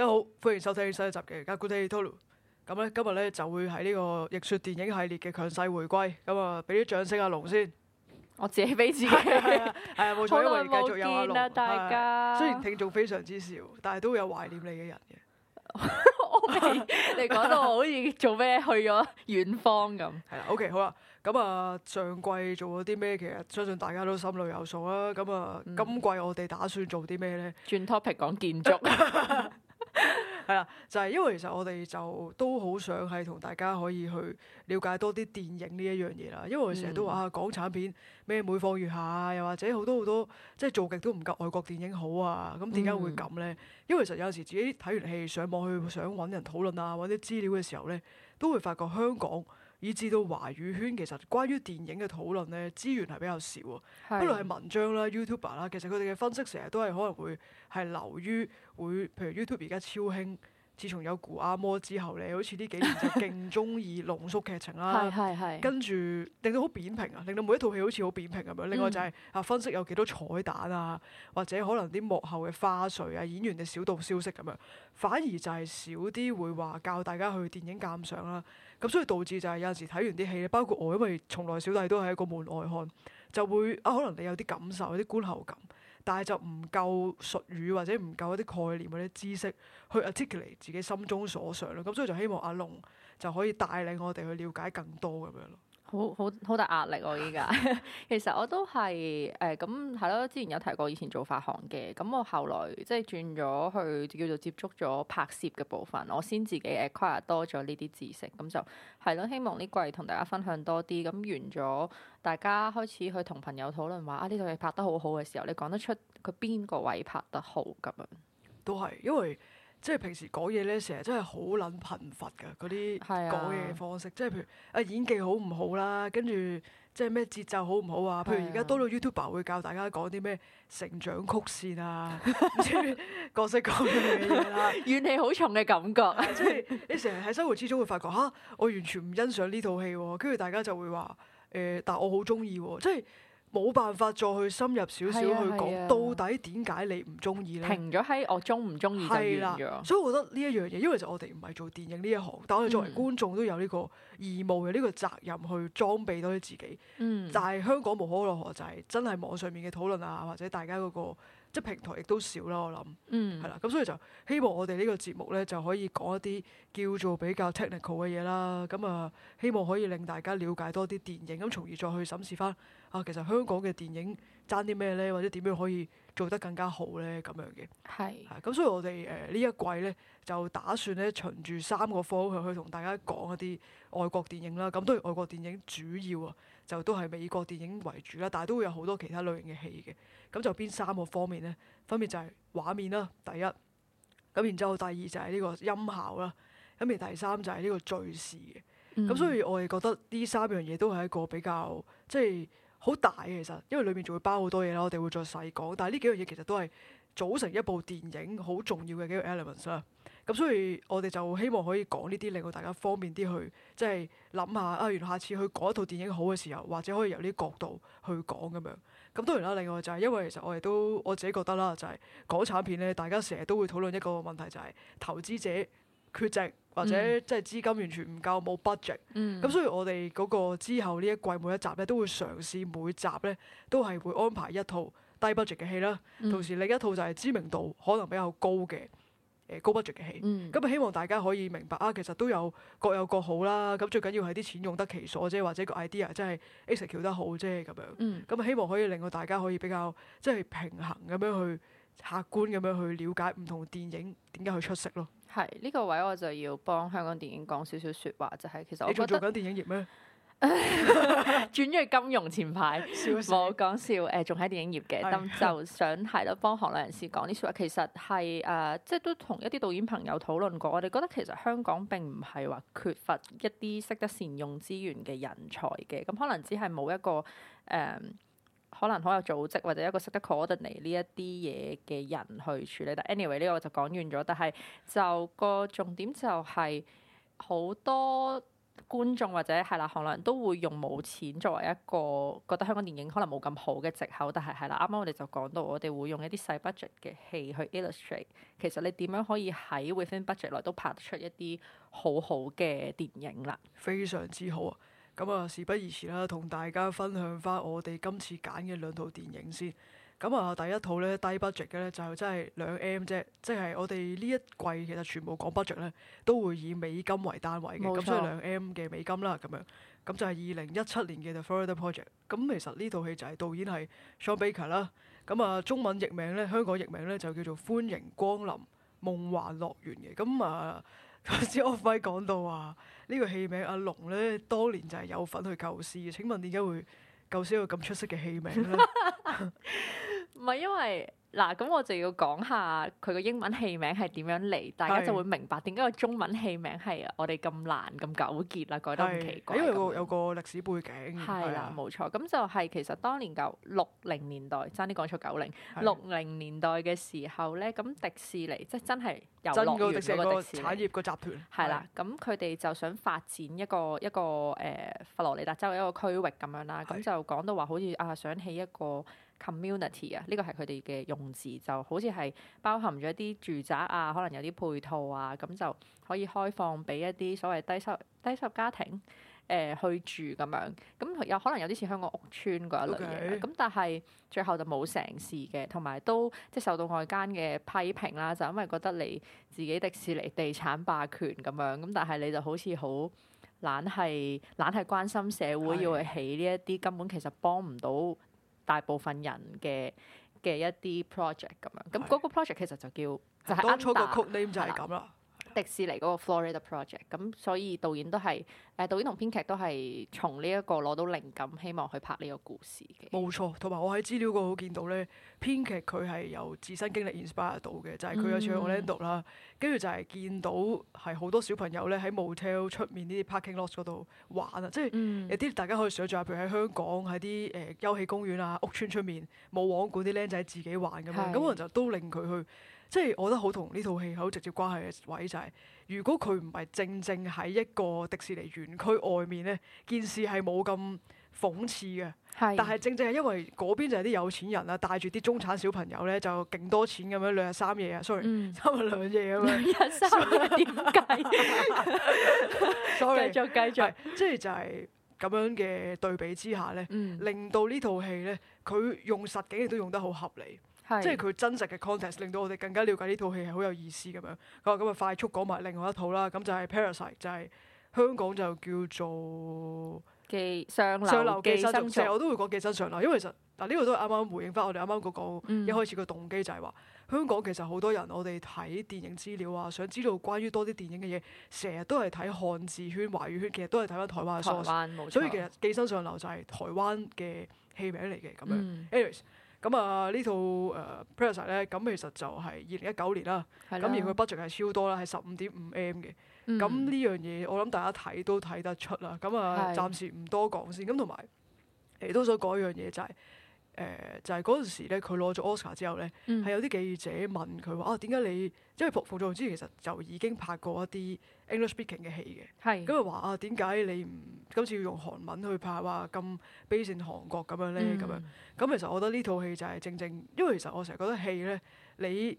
大家好，歡迎收聽新一集嘅《吉古天氣透露》。咁咧，今日咧就會喺呢個《逆說電影》系列嘅強勢回歸。咁啊，俾啲掌聲阿龍先。我自己俾自己。係啊，冇錯，因為繼續有阿龍。雖然聽眾非常之少，但係都會有懷念你嘅人嘅。我你講到我好似做咩去咗遠方咁。係啦，OK，好啦。咁啊，上季做咗啲咩？其實相信大家都心裏有數啦。咁啊，今季我哋打算做啲咩咧？轉 topic 講建築。係啦，就係、是、因為其實我哋就都好想係同大家可以去了解多啲電影呢一樣嘢啦，因為我哋成日都話啊，嗯、港產片咩每況愈下啊，又或者好多好多即係做極都唔夠外國電影好啊，咁點解會咁咧？嗯、因為其實有時自己睇完戲上網去想揾人討論啊，揾啲資料嘅時候咧，都會發覺香港，以至到華語圈其實關於電影嘅討論咧，資源係比較少，不論係文章啦、YouTube 啦，其實佢哋嘅分析成日都係可能會係流於會，譬如 YouTube 而家超興。自從有谷阿莫之後咧，你好似呢幾年就勁中意濃縮劇情啦、啊， 跟住令到好扁平啊，令到每一套戲好似好扁平咁樣。另外就係啊，分析有幾多彩蛋啊，或者可能啲幕後嘅花絮啊，演員嘅小道消息咁樣，反而就係少啲會話教大家去電影鑑賞啦。咁所以導致就係有時睇完啲戲，包括我，因為從來小弟都係一個門外漢，就會啊，可能你有啲感受，有啲觀後感。但係就唔夠術語，或者唔夠一啲概念或者知識去 articulate 自己心中所想咯，咁所以就希望阿龍就可以帶領我哋去了解更多咁樣咯。好好好，大壓力我依家， 其實我都係誒咁係咯，之前有提過以前做發行嘅，咁我後來即係轉咗去叫做接觸咗拍攝嘅部分，我先自己 acquire 多咗呢啲知識，咁就係咯、欸，希望呢季同大家分享多啲，咁完咗大家開始去同朋友討論話啊，呢套嘢拍得好好嘅時候，你講得出佢邊個位拍得好咁啊？樣都係因為。即係平時講嘢咧，成日真係好撚貧乏噶嗰啲講嘢嘅方式。是啊、即係譬如啊演技好唔好啦，跟住即係咩節奏好唔好是啊？譬如而家多到 YouTuber 會教大家講啲咩成長曲線啊，唔 知各式各樣嘅嘢啦，怨 氣好重嘅感覺即。即係你成日喺生活之中會發覺，吓、 啊，我完全唔欣賞呢套戲。啊，跟住大家就會話誒、呃，但係我好中意，即係。冇辦法再去深入少少去講到底點解你唔中意咧？停咗喺我中唔中意就完咗。係啦，所以我覺得呢一樣嘢，因為就我哋唔係做電影呢一行，但我哋作為觀眾都有呢個義務嘅，呢個責任去裝備多啲自己。嗯，就係香港無可奈何，就係真係網上面嘅討論啊，或者大家嗰個即係平台亦都少啦。我諗，嗯，係啦，咁所以就希望我哋呢個節目咧就可以講一啲叫做比較 technical 嘅嘢啦。咁啊，希望可以令大家了解多啲電影，咁從而再去審視翻。啊，其實香港嘅電影爭啲咩咧？或者點樣可以做得更加好咧？咁樣嘅係，咁係、啊嗯、所以我哋誒呢一季咧就打算咧循住三個方向去同大家講一啲外國電影啦。咁當然外國電影主要啊就都係美國電影為主啦，啊，但係都會有好多其他類型嘅戲嘅。咁、嗯、就邊三個方面咧？分別就係畫面啦，第一。咁然之後第二就係呢個音效啦，咁而第三就係呢個敘事嘅。咁、嗯、所以我哋覺得呢三樣嘢都係一個比較即係。好大嘅，其實，因為裏面仲會包好多嘢啦，我哋會再細講。但係呢幾樣嘢其實都係組成一部電影好重要嘅幾個 elements 啦。咁所以我哋就希望可以講呢啲，令到大家方便啲去即係諗下啊。原來下次去講一套電影好嘅時候，或者可以由呢角度去講咁樣。咁當然啦，另外就係因為其實我哋都我自己覺得啦，就係港產片咧，大家成日都會討論一個問題，就係投資者。缺席或者即係資金完全唔夠，冇 budget 咁、嗯，所以我哋嗰個之後呢一季每一集咧，都會嘗試每集咧都係會安排一套低 budget 嘅戲啦。嗯、同時另一套就係知名度可能比較高嘅誒、呃、高 budget 嘅戲。咁啊、嗯，希望大家可以明白啊，其實都有各有各好啦。咁最緊要係啲錢用得其所啫，或者個 idea 即係 execute 得好啫，咁樣咁、嗯、希望可以令到大家可以比較即係、就是、平衡咁樣去客觀咁樣去了解唔同電影點解去出色咯。係呢、這個位我就要幫香港電影講少少説話，就係、是、其實我覺得你仲做緊電影業咩？ 轉咗去金融前排，冇講， 笑，清笑。誒、呃，仲喺電影業嘅，咁 就想係咯幫行內人士講啲説話。其實係誒、呃，即係都同一啲導演朋友討論過，我哋覺得其實香港並唔係話缺乏一啲識得善用資源嘅人才嘅，咁可能只係冇一個誒。呃可能好有組織，或者一個識得 coordinate 呢一啲嘢嘅人去處理。但 anyway 呢個我就講完咗。但係就個重點就係好多觀眾或者係啦，可能都會用冇錢作為一個覺得香港電影可能冇咁好嘅藉口。但係係啦，啱啱我哋就講到，我哋會用一啲細 budget 嘅戲去 illustrate，其實你點樣可以喺 within budget 內都拍出一啲好好嘅電影啦。非常之好啊！咁啊，事不宜遲啦，同大家分享翻我哋今次揀嘅兩套電影先。咁啊，第一套咧低 budget 嘅咧就真係兩 M 啫，即係我哋呢一季其實全部講 budget 咧，都會以美金為單位嘅，咁冇錯，所以兩 M 嘅美金啦，咁樣。咁就係二零一七年嘅 The Florida Project。咁其實呢套戲就係導演係 Sean Baker 啦。咁啊，中文譯名咧，香港譯名咧就叫做歡迎光臨夢幻樂園嘅。咁啊～頭先阿輝講到話呢、呢個戲名阿龍咧，當年就係有份去救師嘅。請問點解會救師一個咁出色嘅戲名咧？唔係因為。嗱，咁我就要講下佢個英文戲名係點樣嚟，大家就會明白點解個中文戲名係我哋咁難咁糾結啦，改得唔奇怪。因為有，有個歷史背景。係啦的，冇的錯。咁就係其實當年九六零年代，爭啲講錯九零。六零年代嘅時候咧，咁迪士尼即係真係遊樂園嗰個迪士尼，個產業個集團。係啦的，咁佢哋就想發展一個一個誒、呃、佛羅里達州一個區域咁樣啦，咁的就講到話好似啊，想起一個 community 啊，呢個係佢哋嘅用字，就好似係包含咗一啲住宅啊，可能有啲配套啊，咁就可以開放俾一啲所謂低收低收入家庭誒、呃、去住咁樣。咁有可能有啲似香港屋邨嗰一類嘢。咁 Okay. 但係最後就冇成事嘅，同埋都即係受到外間嘅批評啦，就因為覺得你自己迪士尼地產霸權咁樣咁，但係你就好似好懶係懶係關心社會要去，要起呢一啲根本其實幫唔到。大部分人嘅嘅一啲 project 咁樣，咁個 project 其實就叫是就係啱個 code name 就係咁啦。嗯迪士尼嗰個 Florida Project，咁所以導演都係，誒、呃、導演同編劇都係從呢一個攞到靈感，希望去拍呢個故事嘅。冇錯，同埋我喺資料嗰度見到咧，編劇佢係由自身經歷 inspire 到嘅，就係、是、佢有去、嗯 Orlando 啦，跟住就係見到係好多小朋友咧喺 motel 出面呢啲 parking lot 嗰度玩啊，即係有啲大家可以想象，譬如喺香港喺啲誒休憩公園啊、屋邨出面冇網管啲僆仔自己玩咁樣，咁是可能就都令佢去。即係我覺得好同呢套戲好直接關係嘅位就係、是，如果佢唔係正正喺一個迪士尼園區外面呢，件事係冇咁諷刺嘅。是但係正正係因為嗰邊就係啲有錢人啊，帶住啲中產小朋友呢，就勁多錢咁樣兩日三夜啊，sorry，、嗯、三日兩夜咁樣。兩日三日點解？sorry，繼續繼續。即係就係、是、咁樣嘅對比之下呢，嗯、令到呢套戲呢，佢用實景亦都用得好合理。即係佢真實嘅 context，令到我哋更加了解呢套戲係好有意思咁樣。咁啊咁啊，快速講埋另外一套啦。咁就係《Parasite》，就係香港就叫做寄上流、寄生蟲。成日我都會講寄生上流，因為其實嗱呢、啊，呢個都係啱啱回應翻我哋啱啱講一開始個動機就，就係話香港其實好多人我哋睇電影資料啊，想知道關於多啲電影嘅嘢，成日都係睇漢字圈、華語圈，其實都係睇翻台灣嘅 source。台灣冇錯。所以其實寄生上流就係台灣嘅戲名嚟嘅咁樣。嗯 anyway, 咁啊套、呃、Press 呢套誒《Pleasure》咧，咁其實就係二零一九年啦。係的。咁而佢 budget 係超多啦，係十五點五 M 嘅。嗯。咁呢樣嘢我諗大家睇都睇得出啦。係。咁啊，的暫時唔多講先。咁同埋誒都想講一樣嘢就係、是。誒、呃、就係嗰陣時咧，佢攞咗 Oscar 之後咧，係有啲記者問佢話：啊點解你？因為奉俊昊之前其實就已經拍過一啲 English speaking 嘅戲嘅，咁佢話，啊點解你唔今次要用韓文去拍？啊？咁 bias 韓國咁樣咧咁樣。咁、嗯、其實我覺得呢套戲就係正正，因為其實我成日覺得戲咧，你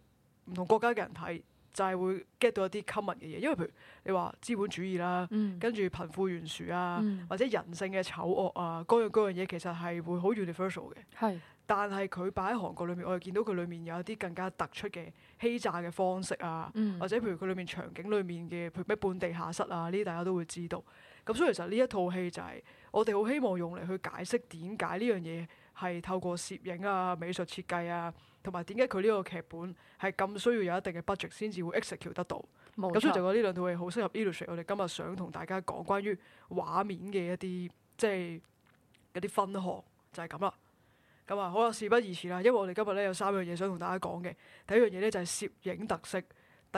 唔同國家嘅人睇。就係會 get 到一啲 common 嘅嘢，因為譬如你話資本主義啦、啊，嗯、跟住貧富懸殊啊，嗯、或者人性嘅醜惡啊，嗰樣嗰樣嘢其實係會好 universal 嘅。係但係佢擺喺韓國裏面，我哋見到佢裏面有一啲更加突出嘅欺詐嘅方式啊，嗯、或者譬如佢裏面場景裏面嘅譬如咩半地下室啊，呢啲大家都會知道。咁所以其實呢一套戲就係我哋好希望用嚟去解釋點解呢樣嘢。係透過攝影啊、美術設計啊，同埋點解佢呢個劇本係咁需要有一定嘅 budget 先至會 execute 得到？冇錯。咁所以就覺得呢兩套戲好適合 illustrate 我哋今日想同大家講關於畫面嘅一啲即係一啲分項，就係咁啦。咁啊，好啦，事不宜遲啦，因為我哋今日咧有三樣嘢想同大家講嘅。第一樣嘢咧就係攝影特色，第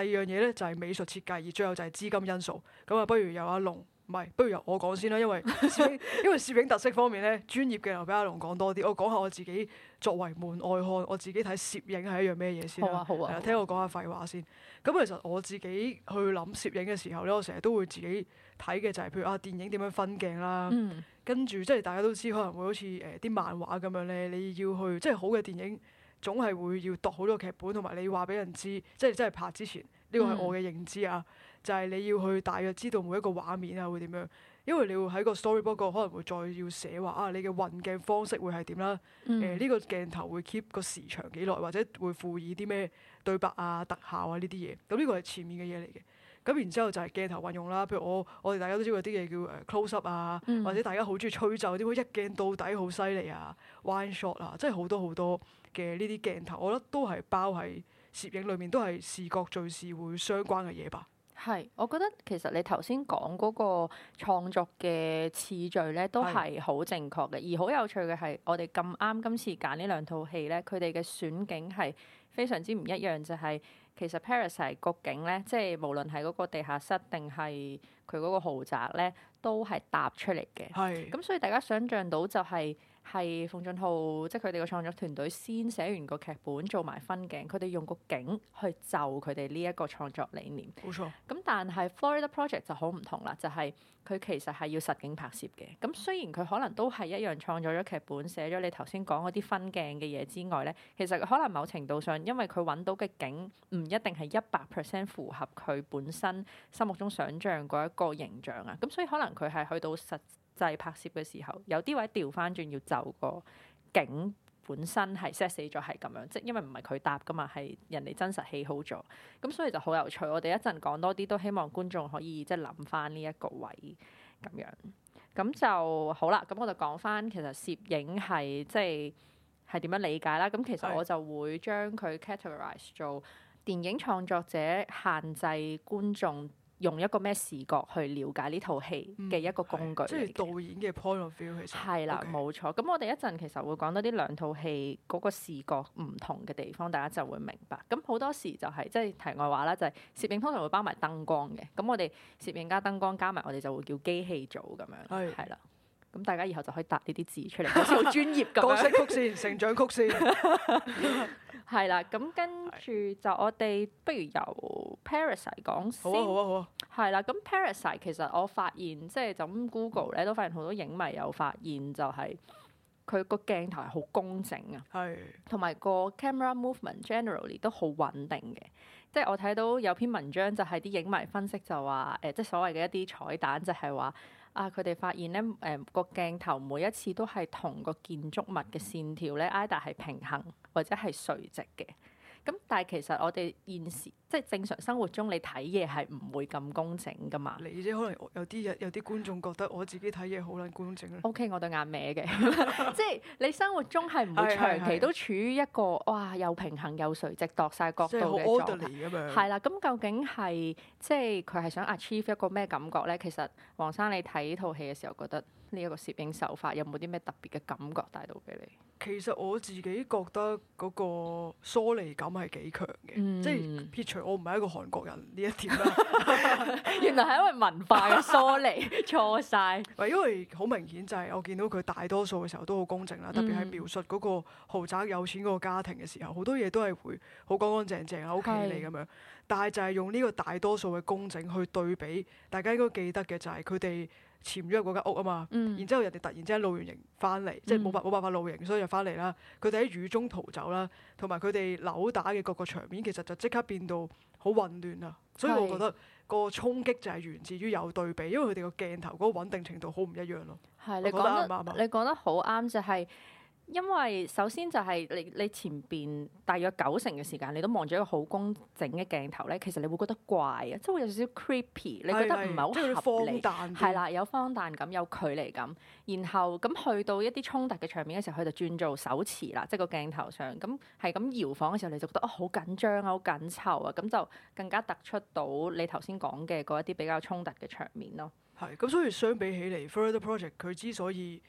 二樣嘢咧就係美術設計，而最後就係資金因素。咁啊，不如由阿龍。唔係，不如由我講先啦，因為攝影， 因為攝影特色方面咧，專業嘅又俾阿龍講多啲。我講下我自己作為門外漢，我自己睇攝影係一樣咩嘢先啦、啊。好啊，好啊。聽我講下廢話先。咁其實我自己去諗攝影嘅時候咧，我成日都會自己睇嘅就係、是，譬如啊，電影點樣分鏡啦。嗯、跟住即係大家都知，可能會好似誒啲漫畫咁樣咧，你要去即係、就是、好嘅電影，總係會要讀好多劇本，同埋你話俾人知，即係即係拍之前，呢、這個係我嘅認知啊。嗯就係你要去大約知道每一個畫面啊會點樣，因為你會喺個 storyboard 可能會再要寫話啊你嘅運鏡方式會係點啦，誒呢、嗯呃呢個鏡頭會 keep 個時長幾耐，或者會附以啲咩對白啊、特效啊呢啲嘢。咁呢個係前面嘅嘢嚟嘅。咁然之後就係鏡頭運用啦，譬如我我哋大家都知道有啲嘢叫誒 close up 啊，嗯、或者大家好中意吹奏啲一鏡到底好犀利啊、One shot 啊，即係好多好多嘅呢啲鏡頭，我覺得都係包喺攝影裏面都係視覺敘事會相關嘅嘢吧。係，我覺得其實你頭先講嗰個創作嘅次序咧，都係好正確嘅。是而好有趣嘅係，我哋咁啱今次揀呢兩套戲咧，佢哋嘅選景係非常之唔一樣，就係、是、其實 Parasite 係局景咧，即係無論係嗰個地下室定係佢嗰個豪宅咧，都係搭出嚟嘅。係是，咁所以大家想像到就係、是。係馮俊浩，即係佢哋個創作團隊先寫完個劇本，做埋分鏡。佢哋用個景去就佢哋呢一個創作理念。冇錯。咁但係 Florida Project 就好唔同啦，就係佢其實係要實景拍攝嘅。咁雖然佢可能都係一樣創作咗劇本，寫咗你頭先講嗰啲分鏡嘅嘢之外咧，其實可能某程度上，因為佢揾到嘅景唔一定係一百 percent 符合佢本身心目中想像嗰一個形象啊。咁所以可能佢係去到實，就拍攝嘅時候，有啲位調翻轉要就個景本身係 set 死咗係咁樣，即因為唔係佢搭㗎嘛，係人哋真實起好咗，咁所以就好有趣。我哋一陣講多啲，都希望觀眾可以即係諗翻呢一個位咁樣，咁就好啦。咁我就講翻其實攝影係即係係點樣理解啦？咁其實我就會將佢 categorize 做電影創作者限制觀眾。用一個咩視覺去了解呢套戲嘅一個工具，嗯，即係導演嘅 point of view 其實係啦，冇錯。咁我哋一陣其實會講多啲兩套戲嗰個視覺唔同嘅地方，大家就會明白。咁好多時就係、即、即係題外話啦，就係攝影通常會包埋燈光嘅。咁我哋攝影加燈光加埋，我哋就會叫機器組咁樣，係啦。咁大家以後就可以答呢啲字出嚟， 好似好專業咁。角色曲線、 成長曲線， 係啦。咁跟住就我哋不如由 Parasite 講先好、啊。好啊，好啊，好啊。係啦，咁 Parasite 其實我發現，即係就是、Google 咧都發現好多影迷有發現，就係佢個鏡頭係好工整啊，係是。同埋個 camera movement generally 都好穩定嘅。即、就、係、是、我睇到有篇文章就係啲影迷分析就話，誒、呃，即、就、係、是、所謂嘅一啲彩蛋就係話。啊！佢哋發現咧，誒個鏡頭每一次都係同個建築物嘅線條咧，either 係平衡或者係垂直嘅。咁但係其實我哋現時即係正常生活中，你睇嘢係唔會咁工整噶嘛？你啫，可能有啲人有啲觀眾覺得我自己睇嘢好撚工整。OK，我對眼歪嘅， 即係你生活中係唔會長期都處於一個哇又平衡又垂直度晒角度嘅狀態。係啦，咁究竟係即係佢係想 achieve 一個咩感覺咧？其實黃生你睇套戲嘅時候覺得？呢一個攝影手法有冇啲咩特別嘅感覺帶到俾你？其實我自己覺得嗰個疏離感係幾強嘅，嗯、即係撇除我唔係一個韓國人呢一點啦。 原來係因為文化嘅疏離錯晒，唔 了因為好明顯就係我見到佢大多數嘅時候都好工整啦，特別係描述嗰個豪宅有錢嗰個家庭嘅時候，好多嘢都係會好乾乾淨淨、好企理咁樣。但係就係用呢個大多數嘅工整去對比，大家應該記得嘅就係佢哋。 潛咗喺嗰間屋啊嘛，嗯、然之後人哋突然之間露完營翻嚟，嗯、即係冇法冇辦法露營，所以就翻嚟啦。佢哋喺雨中逃走啦，同埋佢哋扭打嘅各個場面，其實就即刻變到好混亂啦。所以我覺得個衝擊就係源自於有對比，因為佢哋個鏡頭嗰個穩定程度好唔一樣咯。係，你講得啱，啱啱你講得好啱，就係、是。因為首先就係你你前邊大約九成嘅時間，你都望住一個好工整嘅鏡頭咧，其實你會覺得怪啊，即係會有少少 creepy，你覺得唔係好合理，係啦，有荒誕感，有距離感，然後咁去到一啲衝突嘅場面嘅時候，佢就轉做手持啦，即係個鏡頭上咁係咁搖晃嘅時候，你就覺得啊好緊張啊，好緊湊啊，咁就更加突出到你頭先講嘅嗰一啲比較衝突嘅場面咯。係咁，所以相比起嚟，《Florida Project》佢之所以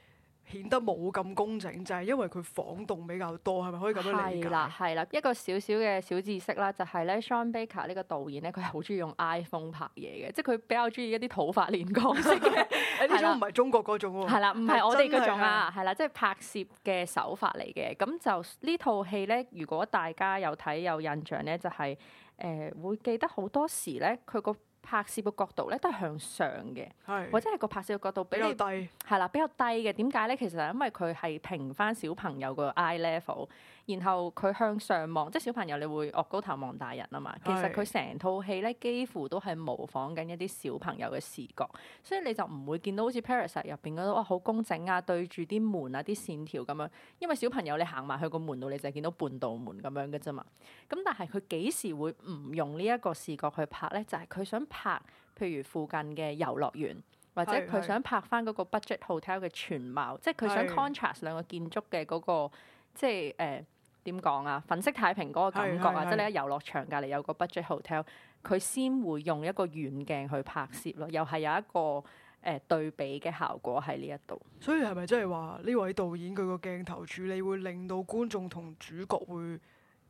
顯得冇咁工整，就係因為佢晃動比較多，係咪可以咁樣理解？係啦，係啦，一個小小嘅小知識啦，就係咧，Sean Baker 呢個導演咧，佢係好中意用 iPhone 拍嘢嘅，即係佢比較中意一啲土法煉鋼式嘅，呢種，唔係中國嗰種喎。係啦，唔係我哋嗰種啊，係啦，即係拍攝嘅手法嚟嘅。咁就呢套戲咧，如果大家有睇有印象咧，就係誒會記得好多時咧，佢個拍攝嘅角度咧都係向上嘅，是或者係個拍攝嘅角度比，比較低，係啦，比較低嘅。點解咧？其實係因為佢係平翻小朋友個 eye level。然後佢向上望，即係小朋友你會昂高頭望大人啊嘛。是其實佢成套戲咧幾乎都係模仿緊一啲小朋友嘅視覺，所以你就唔會見到好似 Parasite 入、啊、邊嗰啲哇好工整啊，對住啲門啊啲線條咁樣。因為小朋友你行埋去個門度你就係見到半道門咁樣嘅啫嘛。咁但係佢幾時會唔用呢一個視覺去拍咧？就係、是、佢想拍譬如附近嘅遊樂園，或者佢想拍翻嗰個 budget hotel 嘅全貌，是是即係佢想 contrast 兩是個建築嘅嗰個即係誒。呃點講啊？粉飾太平嗰個感覺啊，即係你喺遊樂場隔離有個 budget hotel，佢先會用一個遠鏡去拍攝咯，又係有一個誒、呃、對比嘅效果喺呢一度。所以係咪即係話呢位導演佢個鏡頭處理會令到觀眾同主角會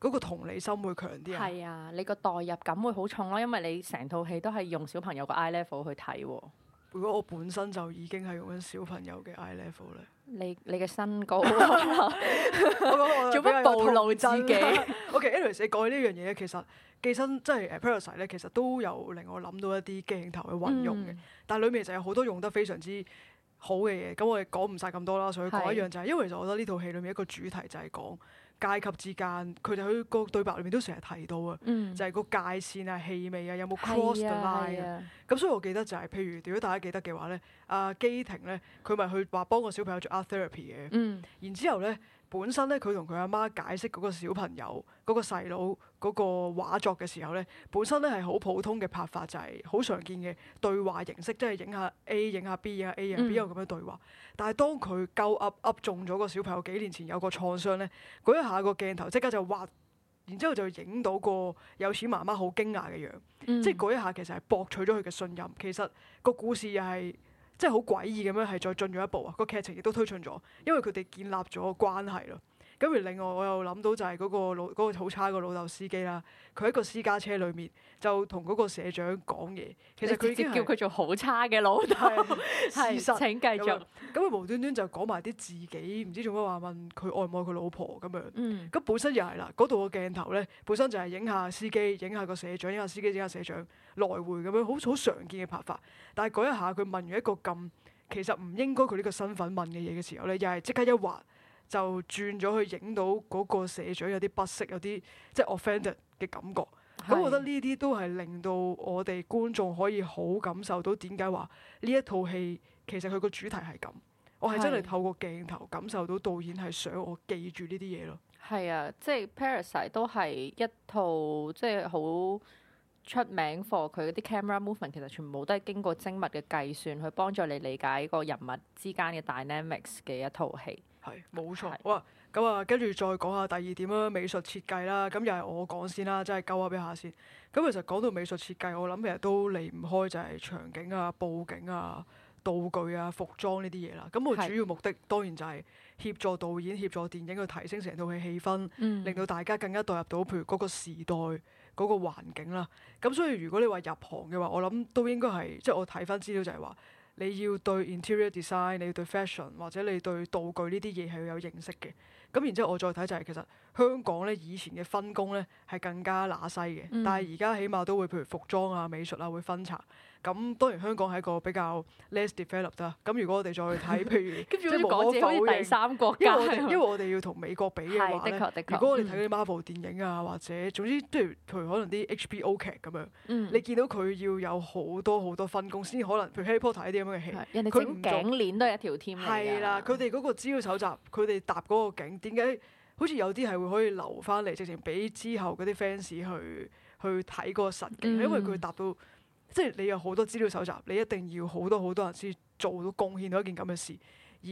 嗰、那個同理心會強啲啊？係啊，你個代入感會好重咯、啊，因為你成套戲都係用小朋友個 eye level 去睇喎、啊。如果我本身就已經係用緊小朋友嘅 eye level 咧，你你嘅身高，做咩暴露自己 ？OK，Alex，、anyway, 你講起呢樣嘢咧，其實寄生即係《Parasite》咧，其實都有令我諗到一啲鏡頭嘅運用嘅，嗯、但係裏面就有好多用得非常之好嘅嘢。咁我哋講唔晒咁多啦，所以講一樣就係，是因為其實我覺得呢套戲裏面一個主題就係講階級之間，佢哋喺個對白裏面都成日提到啊，嗯、就係個界線啊、氣味啊，有冇 cross the line 啊？啊。咁所以我記得就係、是，譬如如果大家記得嘅話咧，阿、啊、基廷咧，佢咪去話幫個小朋友做 art therapy 嘅，嗯、然之後咧，本身咧佢同佢阿媽解釋嗰個小朋友嗰、那個細佬嗰個畫作嘅時候咧，本身咧係好普通嘅拍法，就係、是、好常見嘅對話形式，即係影下 A 影下 B 影下 A 影下 B 咁樣對話。嗯、但係當佢夠 Up Up 中咗個小朋友幾年前有個創傷咧，嗰一下個鏡頭即刻就畫。然之後就影到個有錢媽媽好驚訝嘅樣，嗯、即係嗰一下其實係博取咗佢嘅信任。其實個故事又係即係好詭異咁樣，係再進咗一步啊！個劇情亦都推進咗，因為佢哋建立咗關係咯。咁而另外，我又諗到就係嗰個老嗰個好差嘅老豆司機啦。佢喺個私家車裏面就同嗰個社長講嘢。其實佢已經叫佢做好差嘅老豆。 事實 請繼續。咁佢無端端就講埋啲自己唔知做咩，話問佢愛唔愛佢老婆咁樣。嗯。咁本身又係啦，嗰度個鏡頭咧，本身就係影下司機，影下個社長，影下司機，影下社長，來回咁樣，好好常見嘅拍法。但係嗰一下佢問完一個咁其實唔應該佢呢個身份問嘅嘢嘅時候咧，又係即刻一滑。就轉咗去影到嗰個社長有啲不適，有啲即係 offended 嘅感覺。咁是的 我覺得呢啲都係令到我哋觀眾可以好感受到點解話呢一套戲其實佢個主題係咁。我係真係透過鏡頭感受到導演係想我記住呢啲嘢咯。係啊，即係《Parasite》都係一套即係好出名貨。佢嗰啲 camera movement 其實全部都係經過精密嘅計算去幫助你理解個人物之間嘅 dynamics 嘅一套戲。係冇錯哇，咁啊跟住再講下第二點啦，美術設計啦，咁、嗯、又係我講先啦，真係鳩下俾下先。咁、嗯、其實講到美術設計，我諗其實都離唔開就係場景啊、佈景啊、道具啊、服裝呢啲嘢啦。咁、嗯、個主要目的當然就係協助導演、協助電影去提升成套嘅氣氛，令到大家更加代入到，譬如嗰個時代嗰、嗰個環境啦。咁所以如果你話入行嘅話，我諗都應該係，即係我睇翻資料就係話。你要對 interior design，你要對 fashion 或者你對道具呢啲嘢係要有認識嘅。咁然之後我再睇就係、是、其實香港呢以前嘅分工呢係更加乸西嘅，嗯、但係而家起碼都會譬如服裝啊、美術啊會分拆。咁當然香港係一個比較 less developed 啊。咁如果我哋再去睇，譬如跟住講字好似第三國，因為我哋要同美國比嘅話的確的確。如果我哋睇嗰啲 Marvel 電影啊，或者總之即係譬如可能啲 HBO 劇咁樣，你見到佢要有好多好多分工先至可能，譬如 Harry Potter 呢啲咁嘅戲，佢啲頸鏈都係一條添。嘅。係啦，佢哋嗰個資料搜集，佢哋搭嗰個景，點解好似有啲係會可以留翻嚟，直情俾之後嗰啲 fans 去去睇個實景，因為佢搭到。即係你有好多資料搜集，你一定要好多好多人先做到貢獻到一件咁嘅事。而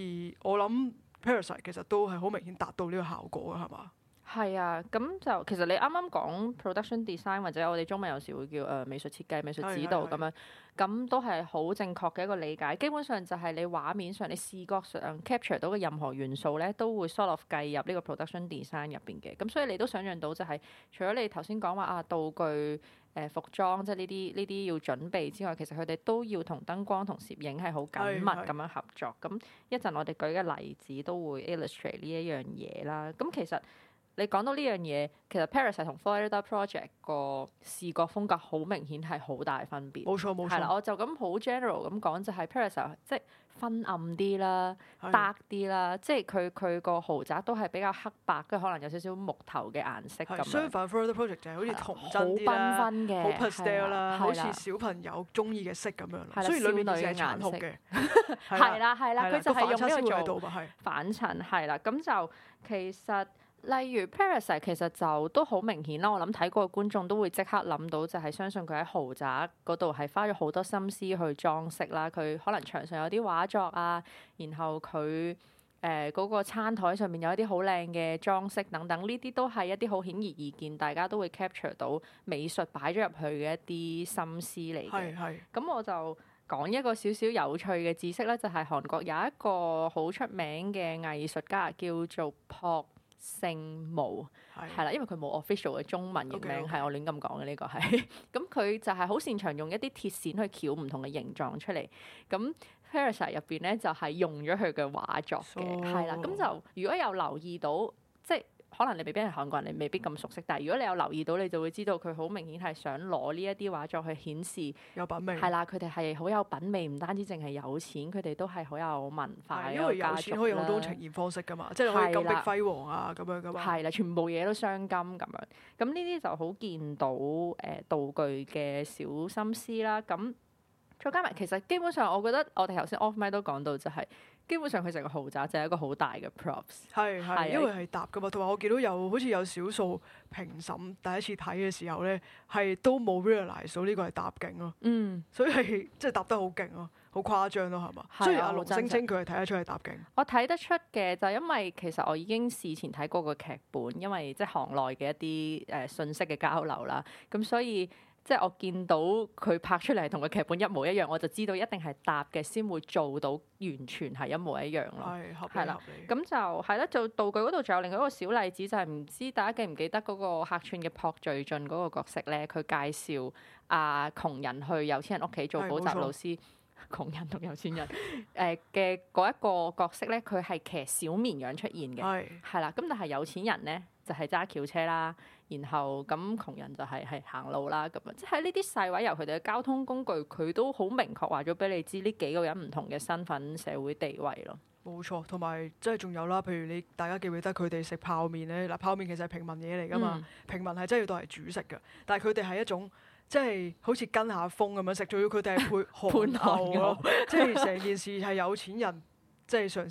我諗 Parasite 其實都係好明顯達到呢個效果嘅，係嘛？係啊，咁就其實你啱啱講 production design 或者我哋中文有時會叫誒、呃、美術設計、美術指導咁樣，咁都係好正確嘅一個理解。基本上就係你畫面上、你視覺上 capture 到嘅任何元素咧，都會 sort of 計入呢個 production design 入邊嘅。咁所以你都想像到就係、是、除咗你頭先講話啊道具、誒、呃、服裝，即係呢啲呢啲要準備之外，其實佢哋都要同燈光同攝影係好緊密咁樣合作。咁一陣我哋舉嘅例子都會 illustrate 呢一樣嘢啦。咁其實。你講到呢樣嘢，其實 Paris 係同 Florida Project 個視覺風格好明顯係好大分別。冇錯冇錯，係啦，我就咁好 general 咁講，就係 Paris 即係昏暗啲啦 dark 啲啦，即係佢佢個豪宅都係比較黑白，跟住可能有少少木頭嘅顏色咁。相反 Florida Project 就係好似童真啲啦，好繽紛嘅，好 pastel 啦，好似小朋友中意嘅色咁樣。所以裡面成係殘酷嘅。係啦係啦，佢就係用呢個做反襯係啦，咁就其實。例如《Parasite》其實就都好明顯啦。我諗睇過嘅觀眾都會即刻諗到，就係相信佢喺豪宅嗰度係花咗好多心思去裝飾啦。佢可能牆上有啲畫作啊，然後佢誒嗰個餐台上面有一啲好靚嘅裝飾等等，呢啲都係一啲好顯而易見，大家都會 capture 到美術擺咗入去嘅一啲心思嚟嘅。係咁，我就講一個少少有趣嘅知識啦，就係、是、韓國有一個好出名嘅藝術家叫做朴、ok。姓毛係啦，的因為佢冇 official 嘅中文嘅名，係 Okay, okay. 我亂咁講嘅。呢個係。咁 佢、嗯、就係好擅長用一啲鐵線去翹唔同嘅形狀出嚟。咁《Harris 入邊咧就係、是、用咗佢嘅畫作嘅，係啦 So.。咁就如果有留意到。可能你未必係韓國人，你未必咁熟悉。但係如果你有留意到，你就會知道佢好明顯係想攞呢一啲畫作去顯示有品味。係啦，佢哋係好有品味，唔單止淨係有錢，佢哋都係好有文化嘅家族啦。因為有錢可以有好多呈現方式噶嘛，的即係可以金碧輝煌啊咁樣噶嘛。係啦，全部嘢都鑲金咁樣。咁呢啲就好見到誒、呃、道具嘅小心思啦。咁再加埋，其實基本上我覺得我哋頭先 off mic 都講到就係、是。基本上佢成個豪宅就係一個好大嘅 props，係係是是因為係搭㗎嘛，同埋我見到有好似有少數評審第一次睇嘅時候咧，係都冇 realize 到呢個係搭景咯。嗯，所以係即係搭得好勁咯，好誇張咯，係嘛？的所以阿龍聲稱佢係睇得出係搭景。我睇得出嘅就因為其實我已經事前睇過個劇本，因為即係行內嘅一啲誒信息嘅交流啦，咁所以。即係我見到佢拍出嚟同個劇本一模一樣，我就知道一定係搭嘅先會做到完全係一模一樣咯。係、哎，啦。咁的理就係啦。做道具嗰度仲有另外一個小例子，就係、是、唔知大家記唔記得嗰個客串嘅朴敘俊嗰個角色咧？佢介紹啊窮人去有錢人屋企做補習老師，哎、窮人同有錢人誒嘅嗰一個角色咧，佢係騎小綿羊出現嘅。係、哎，係啦。咁但係有錢人咧，就係揸轎車啦，然後咁窮人就係、是、係行路啦咁樣，即係呢啲細位由佢哋嘅交通工具，佢都好明確話咗俾你知呢幾個人唔同嘅身份社會地位咯。冇錯，同埋即係仲有啦，譬如你大家記唔記得佢哋食泡麵咧？嗱，泡麵其實係平民嘢嚟噶嘛，嗯、平民係真係要當係主食噶，但係佢哋係一種即係好似跟下風咁樣食，仲要佢哋係配韓牛即係成件事係有錢人。 即係嘗試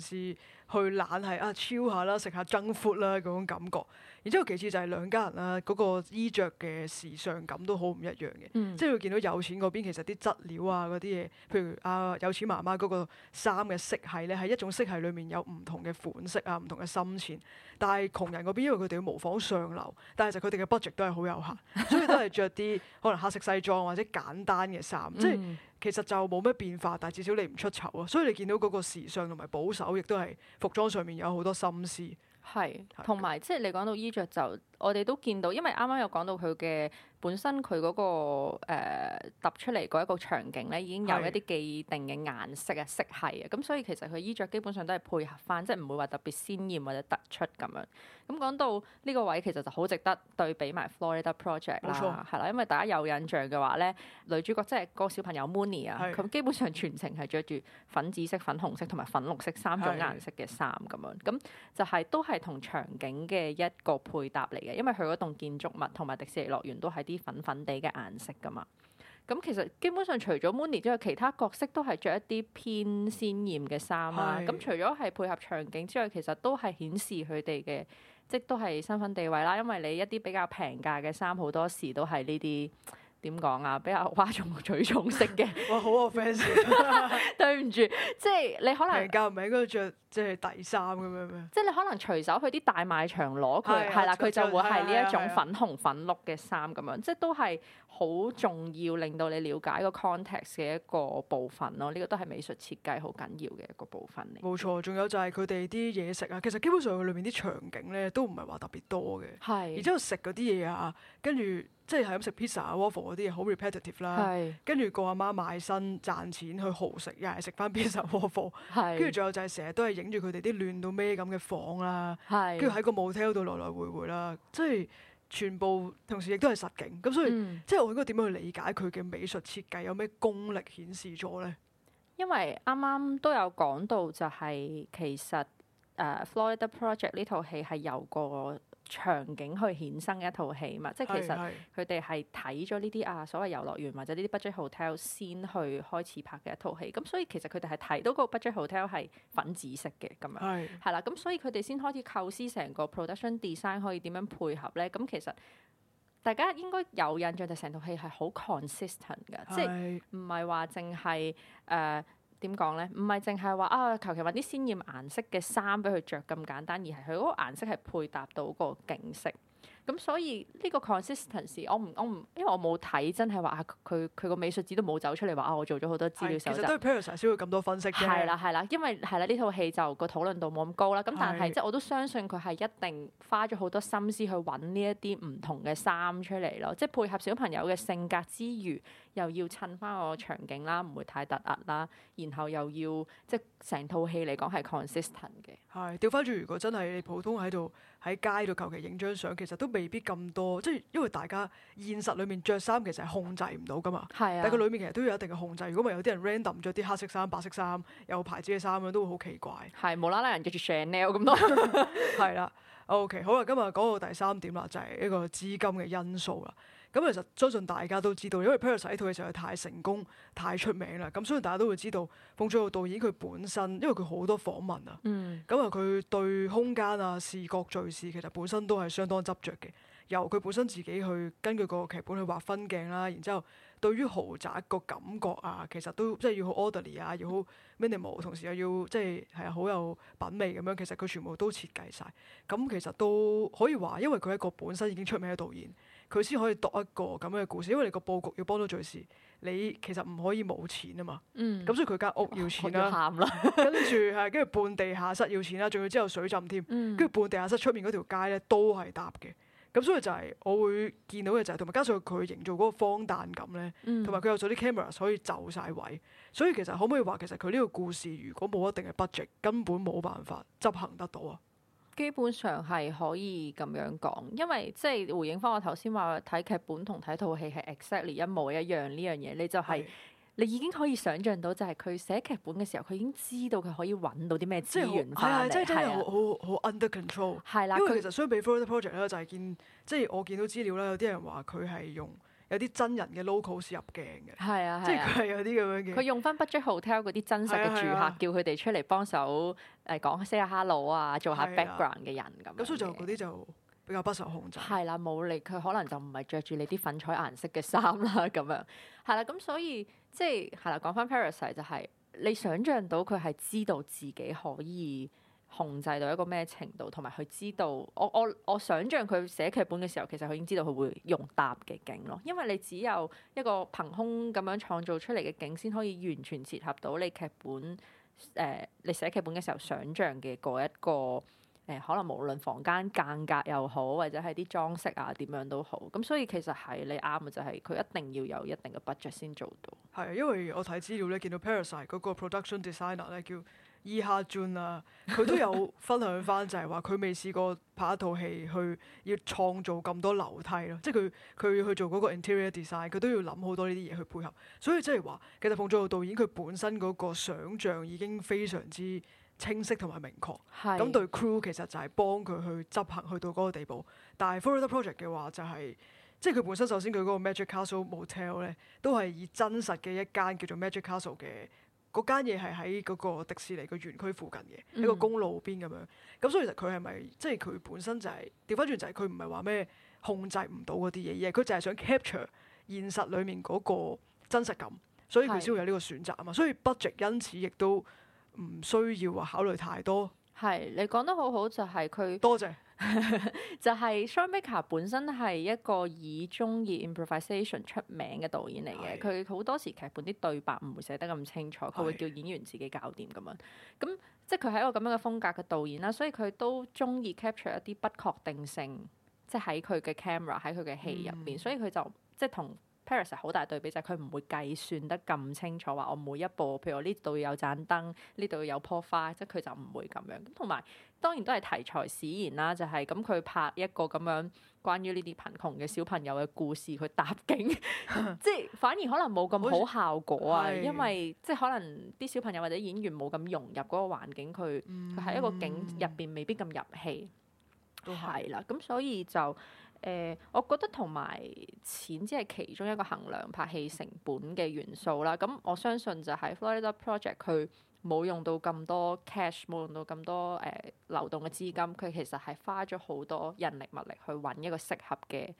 去懶係啊，chill 下啦，食下 junk food 啦，嗰種感覺。然之後，其次就係兩家人啦，嗰、那個衣着嘅時尚感都好唔一樣嘅。嗯、即係會見到有錢嗰邊，其實啲質料啊嗰啲嘢，譬如啊有錢媽媽嗰個衫嘅色系咧，係一種色系裏面有唔同嘅款式啊、唔同嘅深淺。但係窮人嗰邊，因為佢哋要模仿上流，但係其實佢哋嘅 budget 都係好有限，所以都係着啲可能黑色西裝或者簡單嘅衫。即係、嗯、其實就冇乜變化，但係至少你唔出醜啊。所以你見到嗰個時尚同埋保守，亦都係服裝上面有好多心思。係同埋即係你講到衣着，就，我哋都見到，因為啱啱有講到佢嘅。本身佢嗰、那個誒揼、呃、出嚟嗰一個場景咧，已經有一啲既定嘅顏色啊、的色系啊，咁所以其實佢衣着基本上都係配合翻，即係唔會話特別鮮艷或者突出咁樣，咁講到呢個位其實就好值得對比埋 Florida Project 啦，係啦錯，因為大家有印象嘅話咧，女主角即係個小朋友 Mooney 啊的，佢基本上全程係着住粉紫色、粉紅色同埋粉綠色三種顏色嘅衫咁樣，咁就係、是、都係同場景嘅一個配搭嚟嘅，因為佢嗰棟建築物同埋迪士尼樂園都係。啲粉粉地嘅顏色噶嘛，咁、 嗯、其實基本上除咗 Moonee 之外，其他角色都係着一啲偏鮮艷嘅衫啦。咁是、嗯、除咗係配合場景之外，其實都係顯示佢哋嘅，即都係身份地位啦。因為你一啲比較平價嘅衫，好多時都係呢啲。點講啊？比較嘩眾取寵式嘅， 哇！好 offensive 對唔住起，即係 你可能人教唔係喺嗰度著即係底衫咁樣，即係、就是、你可能隨手去啲大賣場攞佢，係啦，佢就會係呢一種粉紅粉綠嘅衫咁樣，即、就、係、是、都係。好重要，令到你了解個 context 嘅一個部分咯。呢個都係美術設計好緊要嘅一個部分嚟。冇錯，仲有就係佢哋啲嘢食啊。其實基本上佢裏面啲場景咧都唔係話特別多嘅。係是。然之後食嗰啲嘢啊，跟住即係係咁食 pizza waffle 嗰啲嘢，好 repetitive 啦是。係。跟住個阿媽賣身賺錢去豪食，又係食翻 pizza、waffle。係是。跟住仲有就係成日都係影住佢哋啲亂到咩咁嘅房啦。係是。跟住喺個 hotel 度來來回回啦，即係是。全部同時亦都係實景，咁所以、嗯、即係我應該點樣去理解佢嘅美術設計有咩功力顯示咗呢？因為啱啱都有講到、就係，就係其實誒、uh, Florida Project 呢套戲係有個場景去衍生嘅一套戲嘛，即係其實佢哋係睇咗呢啲啊所謂遊樂園或者呢啲 budget hotel 先去開始拍嘅一套戲，咁所以其實佢哋係睇到個 budget hotel 係粉紫色嘅咁樣，係是 啦，咁所以佢哋先開始構思成個 production design 可以點樣配合咧，咁其實大家應該有印象就成套戲係好 consistent 㗎，是 即係唔係話淨係誒。呃點講咧？唔係淨係話啊，求其揾啲鮮豔顏色嘅衫俾佢著咁簡單，而係佢嗰個顏色係配搭到個景色。咁所以呢個 consistency，我唔我唔，因為我冇睇真係話啊，佢佢個美術紙都冇走出嚟話啊，我做咗好多資料蒐集。其實都係 person 需要咁多分析啫。係啦係啦，因為係啦呢套戲就個討論度冇咁高啦。咁的但係即係我都相信佢係一定花咗好多心思去揾呢一啲唔同嘅衫出嚟咯，即係配合小朋友嘅性格之餘，又要襯翻個場景啦，唔會太突兀啦，然後又要即係成套戲嚟講係 consistent 嘅。係調翻轉，如果真係你普通喺度。喺街度求其影張相，其實都未必咁多，即係因為大家現實裡面着衫其實係控制唔到㗎嘛。係是啊，但係佢裏面其實都有一定嘅控制。如果咪有啲人 random 着啲黑色衫、白色衫、有牌子嘅衫咁，都會好奇怪。係無啦啦人着住 Chanel 咁多。 係啦，OK，好啦，今日講到第三點啦，就係一個資金嘅因素啦。咁其實相信大家都知道，因為《Parasite》呢套嘅時候太成功、太出名啦。咁相信大家都會知道，奉俊昊導演佢本身，因為佢好多訪問啊。咁啊、嗯，佢對空間啊、視覺敘事其實本身都係相當執着嘅。由佢本身自己去根據個劇本去劃分鏡啦，然之後對於豪宅個感覺啊，其實都即係要好 orderly 啊，要好 minimal，同時又要即係係好有品味咁樣。其實佢全部都設計晒，咁其實都可以話，因為佢係一個本身已經出名嘅導演。佢先可以讀一個咁樣嘅故事，因為你個佈局要幫到敍事，你其實唔可以冇錢啊嘛。嗯，咁所以佢間屋要錢啦、啊，跟住係跟住半地下室要錢啦，仲要之後水浸添，跟住、嗯、半地下室出面嗰條街咧都係搭嘅。咁所以就係我會見到嘅就係、是，同埋加上佢營造嗰個荒誕感咧，同埋佢有咗啲 camera 可以走晒位，所以其實可唔可以話其實佢呢個故事如果冇一定嘅 budget，根本冇辦法執行得到啊？基本上係可以咁樣講，因為即係回應翻我頭先話睇劇本同睇套戲係 exactly 一模一樣呢樣嘢，你就係、是、的你已經可以想像到，就係佢寫劇本嘅時候，佢已經知道佢可以揾到啲咩資源翻嚟。係啊，係好好 under control 的。係啦，佢其實相比 for the project 咧，就係見即係我見到資料咧，有啲人話佢係用。有啲真人嘅 local 入鏡嘅，啊，啊即係佢有啲咁樣嘅。佢用翻 budget hotel 嗰啲真實嘅住客、啊，啊、叫佢哋出嚟幫手誒講 say 下 hello 啊，做下 background 嘅人咁。咁所以就嗰啲就比較不受控制。係啦、啊，冇力。佢可能就唔係着住你啲粉彩顏色嘅衫啦，咁樣係啦。咁、啊、所以即係係啦，講翻、啊、Parasite 就係、是、你想象到佢係知道自己可以。控制到一個咩程度，同埋佢知道我我我想像佢寫劇本嘅時候，其實佢已經知道佢會用搭嘅景咯。因為你只有一個憑空咁樣創造出嚟嘅景，先可以完全切合到你劇本誒、呃，你寫劇本嘅時候想像嘅嗰一個誒、呃，可能無論房間間隔又好，或者係啲裝飾啊點樣都好。咁所以其實係你啱嘅，就係、是、佢一定要有一定嘅 budget 先做到。係啊，因為我睇資料咧，見到《Parasite》嗰個 production designer 咧叫，伊哈尊啊，佢都有分享翻，就係話佢未試過拍一套戲去要創造咁多樓梯咯，即係佢佢去做嗰個 interior design，佢都要諗好多呢啲嘢去配合。所以即係話，其實奉俊昊導演，佢本身嗰個想像已經非常之清晰同埋明確。咁 是對 crew 其實就係幫佢去執行去到嗰個地步。但係《Florida Project》嘅話就係、是，即係佢本身首先佢嗰個 Magic Castle Motel 咧，都係以真實嘅一間叫做 Magic Castle 嘅。嗰間嘢係喺嗰個迪士尼個園區附近嘅，喺、嗯、個公路邊咁樣。咁所以其實佢係咪即係佢本身就係調翻轉就係佢唔係話咩控制唔到嗰啲嘢嘢，佢就係想 capture 現實裡面嗰個真實感，所以佢先會有呢個選擇啊嘛。所以 budget 因此亦都唔需要話考慮太多。係，你講得好好，就係佢。多謝。 就係 Sean Baker 本身係一個以中意 improvisation 出名嘅導演嚟嘅，佢好是多時劇本啲對白唔會寫得咁清楚，佢是會叫演員自己搞掂咁樣。咁即係佢係一個咁樣嘅風格嘅導演啦，所以佢都中意 capture 一啲不確定性，即係喺佢嘅 camera 喺佢嘅戲入面，嗯、所以佢就即係同。好大對比就係佢唔會計算得咁清楚，話我每一步，譬如我呢度有盞燈，呢度有棵花，即係佢就唔會咁樣。咁同埋當然都係題材使然啦，就係咁佢拍一個咁樣關於呢啲貧窮嘅小朋友嘅故事，佢搭景， 即係反而可能冇咁好效果啊，會因為是即係可能啲小朋友或者演員冇咁融入嗰個環境，佢佢喺一個景入邊未必咁入戲，係啦、嗯，咁的所以就。誒、呃，我覺得同埋錢只係其中一個衡量拍戲成本嘅元素啦。咁我相信就係 Florida Project 佢冇用到咁多 cash，冇用到咁多誒、呃、流動嘅資金，佢其實係花咗好多人力物力去揾一個適合嘅誒、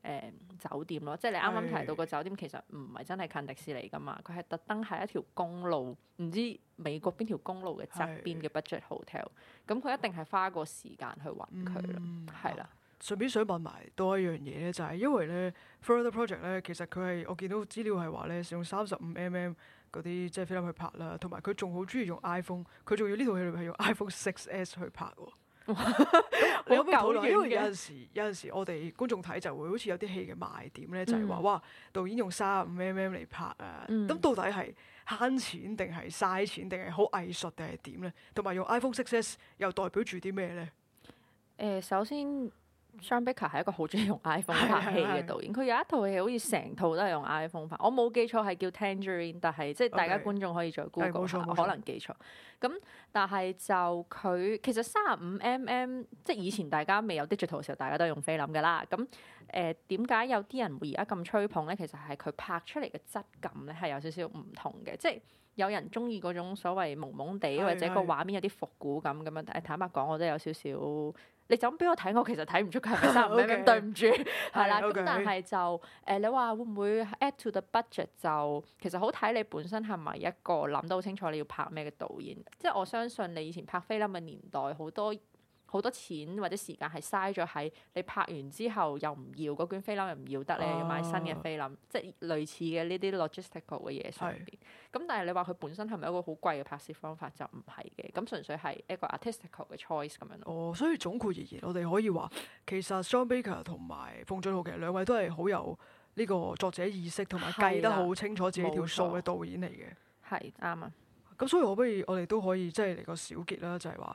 呃、酒店咯。即係你啱啱提到個酒店是其實唔係真係近迪士尼噶嘛，佢係特登喺一條公路，唔知美國邊條公路嘅側邊嘅 budget hotel 是。咁佢一定係花個時間去揾佢咯，係啦。嗯。順便想問埋多一樣嘢咧，就係、是、因為咧《Florida Project》咧，其實佢係我見到資料係話咧，用三十五 mm 嗰啲即係菲林去拍啦，同埋佢仲好中意用 iPhone，佢仲要呢套戲係用 iPhone Six S 去拍。我覺得討論有陣時，有陣時我哋觀眾睇就會好似有啲戲嘅賣點咧，就係、是、話、嗯、哇導演用三十五 mm 嚟拍啊，咁、嗯、到底係慳錢定係嘥錢，定係好藝術定係點咧？同埋用 iPhone Six S 又代表住啲咩咧？誒、呃，首先。Sean Baker 係一個好中意用 iPhone 拍戲嘅導演，佢是有一套戲好似成套都係用 iPhone 拍，我冇記錯係叫 Tangerine，但係即係大家觀眾可以再 Google 下，okay, 冇錯冇錯我可能記錯。咁但係就佢其實三十五 mm 即係以前大家未有 digital 嘅時候，大家都係用菲林嘅啦。咁誒點解有啲人會而家咁吹捧咧？其實係佢拍出嚟嘅質感咧係有少少唔同嘅，即係有人中意嗰種所謂朦朦地，或者個畫面有啲復古感咁咁樣。坦白講，我都有少少。你就咁俾我睇，我其實睇唔出佢係咩。咩咁 Okay. 對唔不住，係 啦。咁 Okay. 但係就誒、呃，你話會唔會 add to the budget 就其實好睇你本身係咪一個諗到清楚你要拍咩嘅導演。即係我相信你以前拍菲林嘅年代好多好多錢或者時間係嘥咗喺你拍完之後又唔要嗰卷菲林，又唔要得咧，啊、要買新嘅菲林，即係類似嘅呢啲 logistical 嘅嘢上邊。咁是但係你話佢本身係咪一個好貴嘅拍攝方法就唔係嘅？咁純粹係一個 artistical 嘅 choice 咁樣咯。哦，所以總括而言，我哋可以話其實 Sean Baker 同埋奉俊昊其實兩位都係好有呢個作者意識同埋計得好清楚自己條數嘅導演嚟嘅。係啱啊！咁所以我不如我哋都可以即係嚟個小結啦，就係、是、話。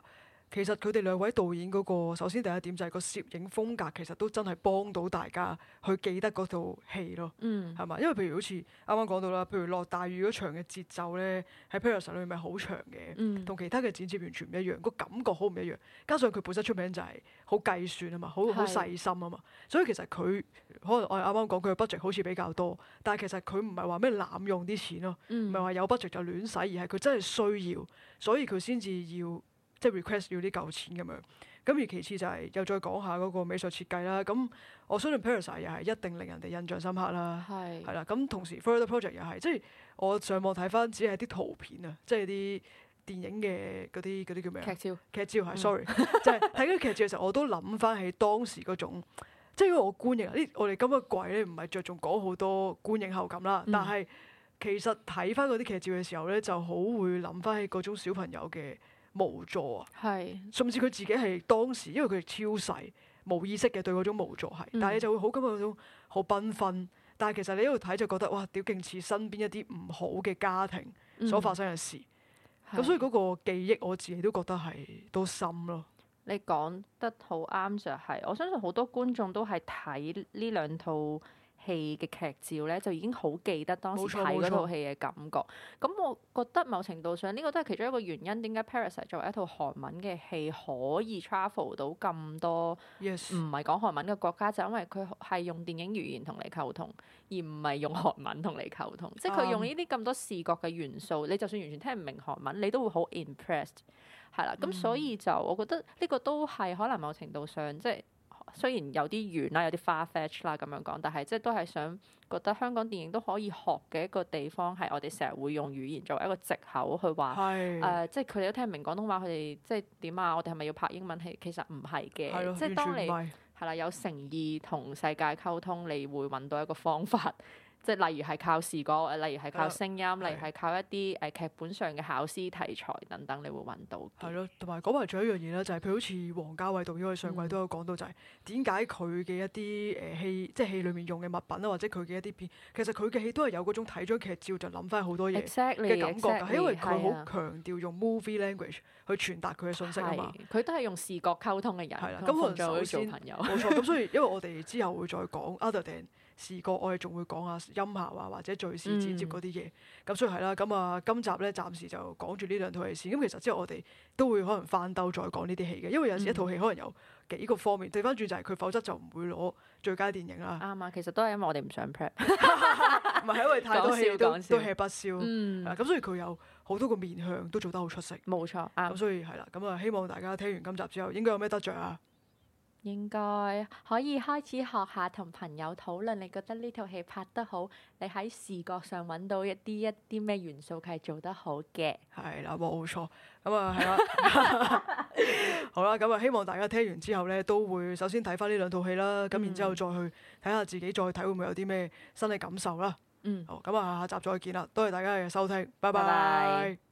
其實佢哋兩位導演嗰個，首先第一點就係個攝影風格，其實都真係幫到大家去記得嗰套戲咯，係嘛、嗯？因為譬如好似啱啱講到啦，譬如落大雨嗰場嘅節奏咧，喺《Parasite》裏面咪好長嘅，同其他嘅剪接完全唔一樣，個感覺好唔一樣。加上佢本身出名就係好計算啊嘛，好好細心啊嘛。是所以其實佢可能我啱啱講佢嘅 budget 好似比較多，但係其實佢唔係話咩濫用啲錢咯，唔係話有 budget 就亂使，而係佢真係需要，所以佢先至要。即係 request 要啲舊錢咁樣，咁而其次就係又再講下嗰個美術設計啦。咁我相信 Parasite 又係一定令人哋印象深刻啦。係係啦，咁同時 Florida Project 又係即係我上網睇翻只係啲圖片啊，即係啲電影嘅嗰啲啲叫咩？劇照劇照係，sorry，就係睇嗰啲劇照嘅時候，我都諗翻起當時嗰種，即係因為我觀影呢，我哋今個季咧唔係着重講好多觀影後感啦，嗯、但係其實睇翻嗰啲劇照嘅時候咧，就好會諗翻起嗰種小朋友嘅。無助啊，是甚至佢自己係當時，因為佢超細，冇意識嘅對嗰種無助係，嗯、但係就會好感覺嗰種好繽紛。但係其實你一路睇就覺得哇，屌勁似身邊一啲唔好嘅家庭所發生嘅事。咁、嗯、所以嗰個記憶，我自己都覺得係都深咯。你講得好啱，就係我相信好多觀眾都係睇呢兩套戲嘅劇照咧，就已經好記得當時睇嗰套戲嘅感覺。咁我覺得某程度上，呢、呢個都係其中一個原因，點解《Parasite》作為一套韓文嘅戲可以 travel 到咁多唔係講韓文嘅國家，就係、因為佢係用電影語言同你溝通，而唔係用韓文同你溝通。嗯、即係佢用呢啲咁多視覺嘅元素，你就算完全聽唔明韓文，你都會好 impressed。係啦，咁所以就我覺得呢個都係可能某程度上即係。雖然有啲遠啦，有啲 far fetch 啦咁樣講，但係即係都係想覺得香港電影都可以學嘅一個地方係我哋成日會用語言作為一個藉口去話，誒是，即係佢哋都聽唔明廣東話，佢哋即係點啊？我哋係咪要拍英文戲？其實唔係嘅，即係的當你係啦，有誠意同世界溝通，你會揾到一個方法。即係例如係靠視覺，誒例如係靠聲音，例如係靠一啲誒劇本上嘅考試題材等等，你會搵到。係咯，同埋講埋最後一樣嘢咧，就係佢好似王家衛導演喺上季都有講到，就係點解佢嘅一啲誒戲，即係戲裡面用嘅物品啊，或者佢嘅一啲片，其實佢嘅戲都係有嗰種睇咗劇照就諗翻好多嘢嘅感覺。係因為佢好強調用 movie language 去傳達佢嘅信息啊嘛。佢都係用視覺溝通嘅人，咁可能首先冇錯。咁所以因為我哋之後會再講。視覺，我哋仲會講下音效啊，或者敘事剪接嗰啲嘢。咁、嗯、所以係啦，咁啊今集咧暫時就講住呢兩套戲先。咁其實之後我哋都會可能翻兜再講呢啲戲嘅，因為有時一套戲可能有幾個方面。掉翻轉就係佢，否則就唔會攞最佳電影啦。啱啊，其實都係因為我哋唔想 prep，唔係因為太多戲都笑笑都吃不消。咁、嗯、所以佢有好多個面向都做得好出色。冇錯。咁所以係啦，咁啊希望大家聽完今集之後，應該有咩得著啊？應該可以開始學下同朋友討論，你覺得呢套戲拍得好？你喺視覺上搵到一啲一啲咩元素係做得好嘅？係啦，冇錯。咁啊，係啦， 好啦，咁啊，希望大家聽完之後呢，都會首先睇翻呢兩套戲啦。咁、嗯、然之後再去睇下自己再睇會唔會有啲咩新嘅感受啦。嗯，好，咁啊，下集再見啦。多謝大家嘅收聽，拜拜。拜拜。